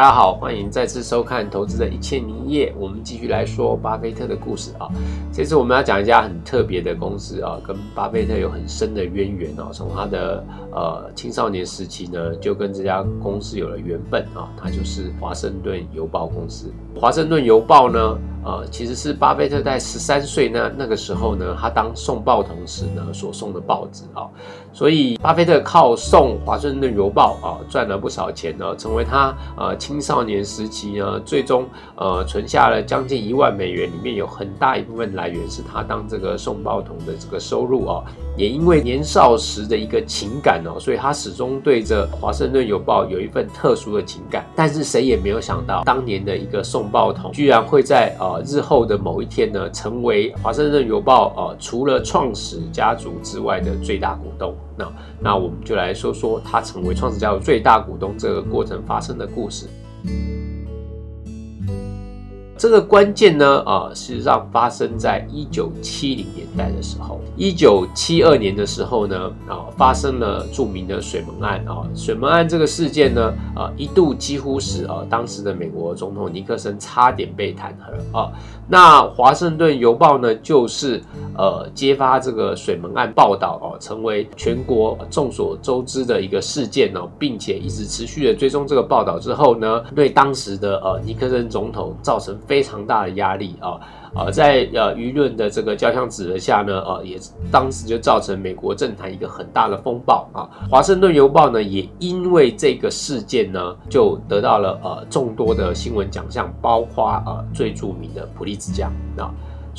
大家好，歡迎再次收看《投資的一千零一夜》，我們繼續來說巴菲特的故事啊。這次我們要講一家很特別的公司啊，跟巴菲特有很深的淵源啊。從他的呃青少年時期呢，就跟這家公司有了緣分啊。他就是華盛頓郵報公司。華盛頓郵報呢，呃、啊，其實是巴菲特在十三歲那那個時候呢，他當送報童時呢，所送的報紙啊。所以巴菲特靠送華盛頓郵報啊，賺了不少錢呢、啊，成為他呃。啊青少年時期呢，最終呃存下了將近一萬美元，裡面有很大一部分來源是他當這個送報童的這個收入哦，也因為年少時的一個情感哦，所以他始終對着《華盛頓郵報》有一份特殊的情感。但是誰也沒有想到，當年的一個送報童，居然會在呃日後的某一天呢，成為《華盛頓郵報》呃除了創始家族之外的最大股東。那那我們就來說說他成為創始家的最大股東，這個過程發生的故事。這個關鍵呢，啊，事實上發生在一九七零年代的時候，一九七二年的時候呢，啊，發生了著名的水門案啊。水門案這個事件呢，啊，一度幾乎使啊當時的美國總統尼克森差點被彈劾啊。那《華盛頓郵報》呢，就是呃、啊、揭發這個水門案報道哦、啊，成為全國眾所周知的一個事件哦、啊，並且一直持續的追蹤這個報道之後呢，對當時的呃、啊、尼克森總統造成。非常大的壓力啊啊、呃，在呃輿論的這個交相指責下呢，啊、呃，也當時就造成美國政壇一個很大的風暴啊。華盛頓郵報呢，也因為這個事件呢，就得到了呃眾多的新聞獎項，包括呃最著名的普利茲獎啊。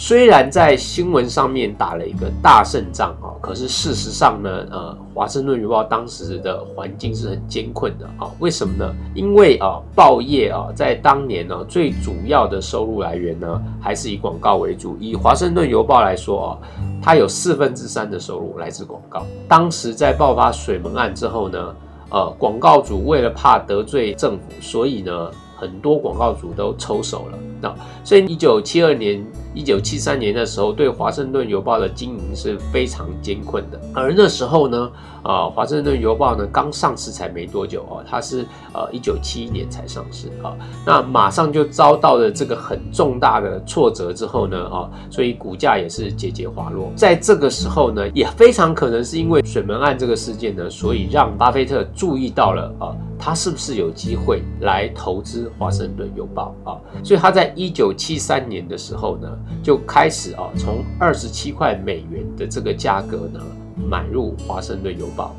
雖然在新聞上面打了一個大勝仗啊，可是事實上呢，呃，華盛頓郵報當時的環境是很艱困的啊。為什麼呢？因為啊，報業啊，在當年呢，啊，最主要的收入來源呢，還是以廣告為主。以華盛頓郵報來說啊，它有四分之三的收入來自廣告。當時在爆發水門案之後呢，呃，廣告主為了怕得罪政府，所以呢，很多廣告主都抽手了。那所以，一九七二年。一九七三年的時候，對《華盛頓郵報》的經營是非常艱困的。而那時候呢，啊，《華盛頓郵報》呢剛上市才沒多久哦，它是呃一九七一年才上市啊，那馬上就遭到了這個很重大的挫折之後呢，啊，所以股價也是節節滑落。在這個時候呢，也非常可能是因為水門案這個事件呢，所以讓巴菲特注意到了啊，他是不是有機會來投資《華盛頓郵報》啊？所以他在一九七三年的時候呢。就開始啊，從二十七塊美元的這個價格呢買入華盛頓郵報，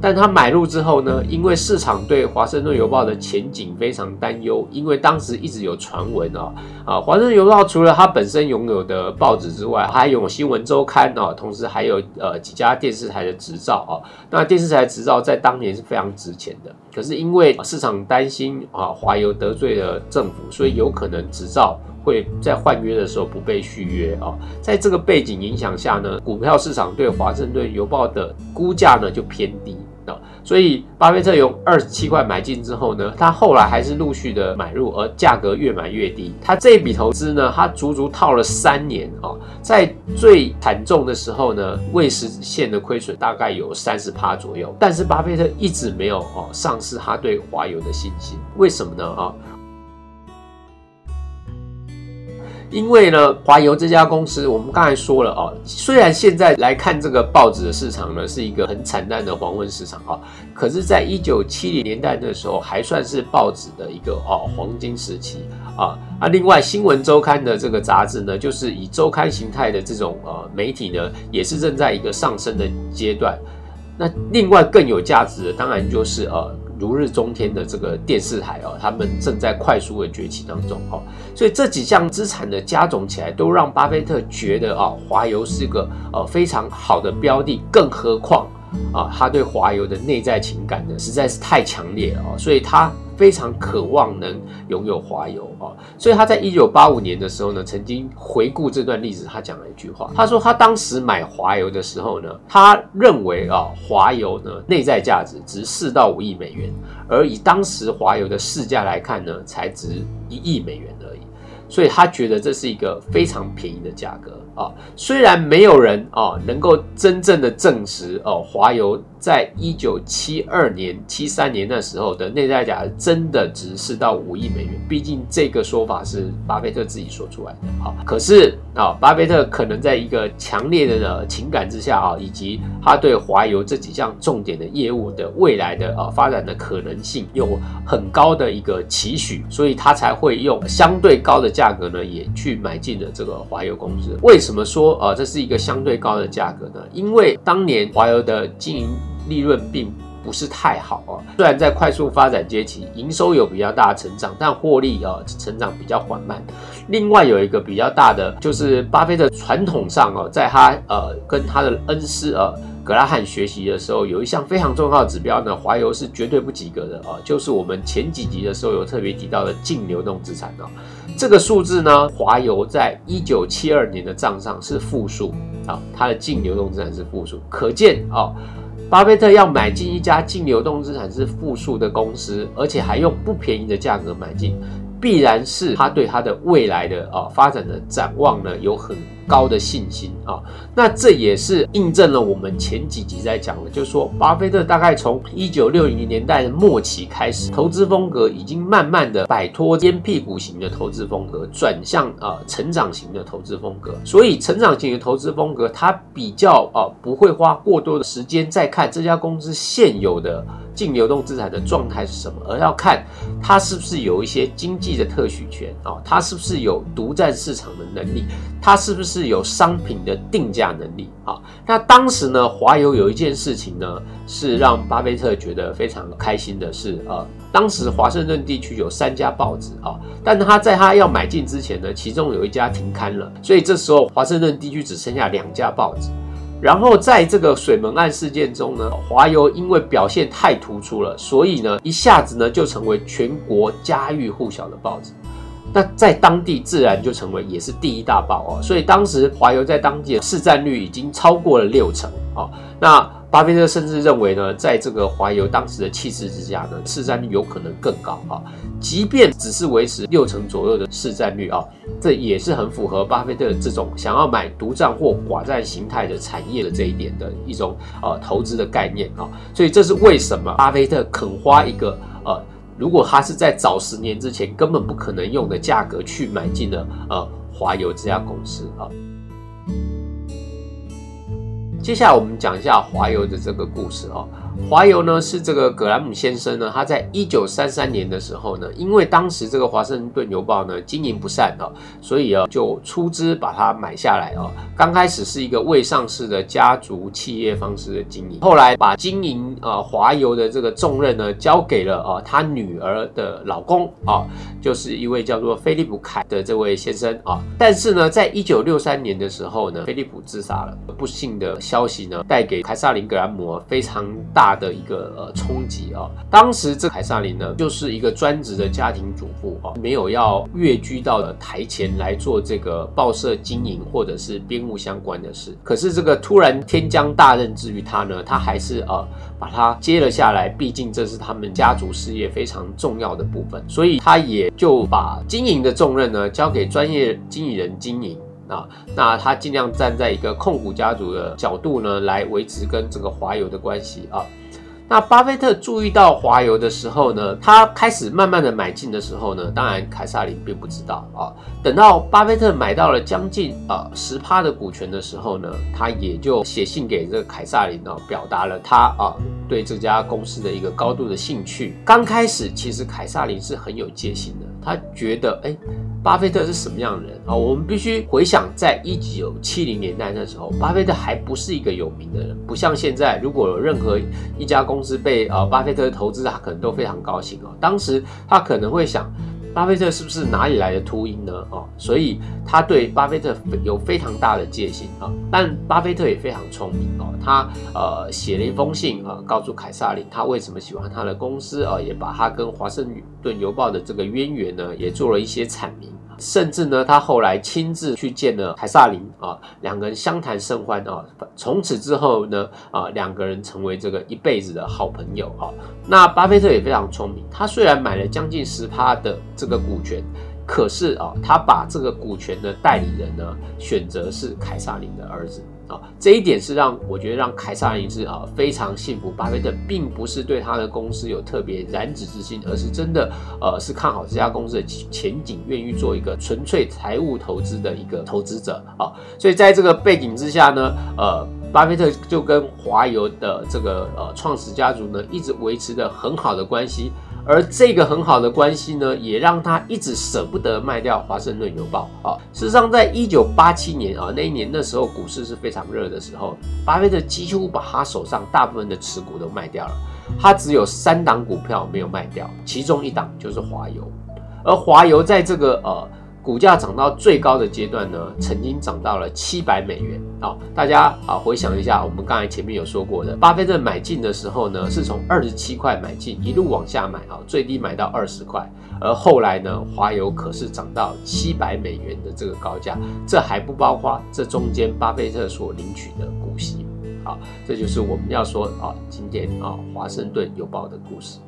但他買入之後呢，因為市場對華盛頓郵報的前景非常擔憂，因為當時一直有傳聞啊啊、啊、華盛頓郵報除了它本身擁有的報紙之外，還有新聞週刊啊，同時還有呃幾家電視台的執照啊，那電視台執照在當年是非常值錢的，可是因為、啊、市場擔心啊華郵得罪了政府，所以有可能執照會在換約的時候不被續約，哦，在這個背景影響下呢，股票市場對華盛頓郵報的估價呢就偏低，哦，所以巴菲特用二十七塊買進之後呢，他後來還是陸續的買入，而價格越買越低。他這筆投資呢，他足足套了三年，哦，在最慘重的時候呢，未實現的虧損大概有三十趴左右，但是巴菲特一直沒有哦喪失他對華郵的信心，為什麼呢啊，哦？因為呢，華郵這家公司，我們剛才說了哦，雖然現在來看這個報紙的市場呢是一個很慘淡的黃昏市場啊、哦，可是，在一九七零年代的時候，還算是報紙的一個哦黃金時期、哦、啊。那另外，《新聞週刊》的這個雜誌呢，就是以週刊形態的這種呃媒體呢，也是正在一個上升的階段。那另外更有價值的，當然就是呃。如日中天的這個電視台哦，他們正在快速的崛起當中哦，所以這幾項資產的加總起來，都讓巴菲特覺得啊、哦，華郵是個呃、哦、非常好的標的，更何況啊，他對華郵的內在情感呢實在是太強烈了哦，所以他。非常渴望能擁有華郵哦，所以他在一九八五年的時候呢，曾經回顧這段歷史，他講了一句話，他說他當時買華郵的時候呢，他認為啊、哦，華郵呢內在價值值四到五億美元，而以當時華郵的市價來看呢，才值一億美元而已。所以他覺得這是一個非常便宜的價格啊，雖然沒有人啊能夠真正的證實哦、啊，華郵在一九七二年、七三年那時候的內在價值真的值四到五億美元。畢竟這個說法是巴菲特自己說出來的啊。可是啊，巴菲特可能在一個強烈的情感之下啊，以及他對華郵這幾項重點的業務的未來的啊發展的可能性有很高的一個期許，所以他才會用相對高的。價格呢，也去買進了這個華郵公司。為什麼說啊、呃、這是一個相對高的價格呢？因為當年華郵的經營利潤並不是太好啊。雖然在快速發展時期，營收有比較大的成長，但獲利啊成長比較緩慢。另外有一個比較大的，就是巴菲特傳統上哦、啊，在他呃、啊、跟他的恩師呃、啊、格拉漢學習的時候，有一項非常重要的指標呢，華郵是絕對不及格的、啊、就是我們前幾集的時候有特別提到的淨流動資產、啊這個數字呢，華郵在一九七二年的賬上是負數啊、哦，它的淨流動資產是負數。可見啊、哦，巴菲特要買進一家淨流動資產是負數的公司，而且還用不便宜的價格買進，必然是他對它的未來的啊、哦、發展的展望呢有很高的信心啊，那這也是印證了我們前幾集在講的，就是說，巴菲特大概從一九六零年代的末期開始，投資風格已經慢慢的擺脫煙屁股型的投資風格，轉向啊成長型的投資風格。所以，成長型的投資風格，它比較啊不會花過多的時間再看這家公司現有的淨流動資產的狀態是什麼，而要看它是不是有一些經濟的特許權啊，它是不是有獨占市場的能力。他是不是有商品的定價能力啊、哦？那當時呢，華郵有一件事情呢，是讓巴菲特覺得非常開心的是，是呃，當時華盛頓地區有三家報紙啊、哦，但他在他要買進之前呢，其中有一家停刊了，所以這時候華盛頓地區只剩下兩家報紙。然後在這個水門案事件中呢，華郵因為表現太突出了，所以呢，一下子呢就成為全國家喻戶曉的報紙。那在當地自然就成為也是第一大報哦。所以當時華郵在當地的市占率已經超過了六成啊、哦。那巴菲特甚至認為呢，在這個華郵當時的氣勢之下呢，市占率有可能更高啊、哦。即便只是維持六成左右的市占率啊、哦，這也是很符合巴菲特這種想要買獨占或寡占形態的產業的這一點的一種呃投資的概念啊、哦。所以這是為什麼巴菲特肯花一個呃。如果他是在早十年之前，根本不可能用的價格去買進了，呃，華郵這家公司啊。接下來我們講一下華郵的這個故事啊。華郵呢是這個葛蘭姆先生呢，他在一九三三年的時候呢，因為當時這個華盛頓郵報呢經營不善哦、喔，所以啊、喔、就出資把它買下來哦、喔。剛開始是一個未上市的家族企業方式的經營，後來把經營呃華郵的這個重任呢交給了啊、喔、他女兒的老公啊、喔，就是一位叫做菲利普凱的這位先生啊、喔。但是呢，在一九六三年的時候呢，菲利普自殺了，不幸的消息呢帶給凱薩琳葛蘭姆非常大。大的一個呃衝擊啊！當時這凱薩琳呢，就是一個專職的家庭主婦啊、哦，沒有要躍居到台前來做這個報社經營或者是編務相關的事。可是這個突然天降大任之於他呢，他還是呃把他接了下來，畢竟這是他們家族事業非常重要的部分，所以他也就把經營的重任呢交給專業經理人經營。啊，那他盡量站在一個控股家族的角度呢，來維持跟這個華郵的關係啊。那巴菲特注意到華郵的時候呢，他開始慢慢的買進的時候呢，當然凱撒林並不知道啊。等到巴菲特買到了將近啊十趴的股權的時候呢，他也就寫信給這個凱撒林呢，啊，表達了他啊對這家公司的一個高度的興趣。剛開始其實凱撒林是很有戒心的。他覺得，哎、欸，巴菲特是什麼樣的人啊、哦？我們必須回想，在一九七零年代那時候，巴菲特還不是一個有名的人，不像現在。如果有任何一家公司被呃巴菲特的投資，他可能都非常高興哦。當時他可能會想。巴菲特是不是哪裡來的禿鷹呢？哦，所以他對巴菲特有非常大的戒心啊、哦。但巴菲特也非常聰明哦，他呃寫了一封信啊、呃，告訴凱撒林他為什麼喜歡他的公司啊、呃，也把他跟華盛頓郵報的這個淵源呢，也做了一些闡明。甚至呢，他後來親自去見了凱撒林啊、呃，兩個人相談甚歡啊、呃。從此之後呢，啊、呃，兩個人成為這個一輩子的好朋友啊、呃。那巴菲特也非常聰明，他雖然買了將近十趴的、這個這個股權，可是啊、哦，他把這個股權的代理人呢，選擇是凱瑟琳的兒子啊、哦，這一點是讓我覺得讓凱瑟琳是啊、哦、非常幸福。巴菲特並不是對他的公司有特別染指之心，而是真的呃是看好這家公司的前景，願意做一個純粹財務投資的一個投資者啊、哦。所以在這個背景之下呢，呃，巴菲特就跟華郵的這個呃創始家族呢，一直維持着很好的關係。而這個很好的關係呢，也讓他一直捨不得賣掉《華盛頓郵報》啊、哦。事實上在，在一九八七年啊，那一年那時候股市是非常熱的時候，巴菲特幾乎把他手上大部分的持股都賣掉了，他只有三檔股票沒有賣掉，其中一檔就是華郵。而華郵在這個呃。股價漲到最高的階段呢，曾經漲到了七百美元啊！哦，大家啊回想一下，我們剛才前面有說過的，巴菲特買進的時候呢，是從二十七塊買進，一路往下買啊，哦，最低買到二十塊，而後來呢，華郵可是漲到七百美元的這個高價，這還不包括這中間巴菲特所領取的股息好，哦，這就是我們要說啊，哦，今天啊，哦，華盛頓郵報的故事。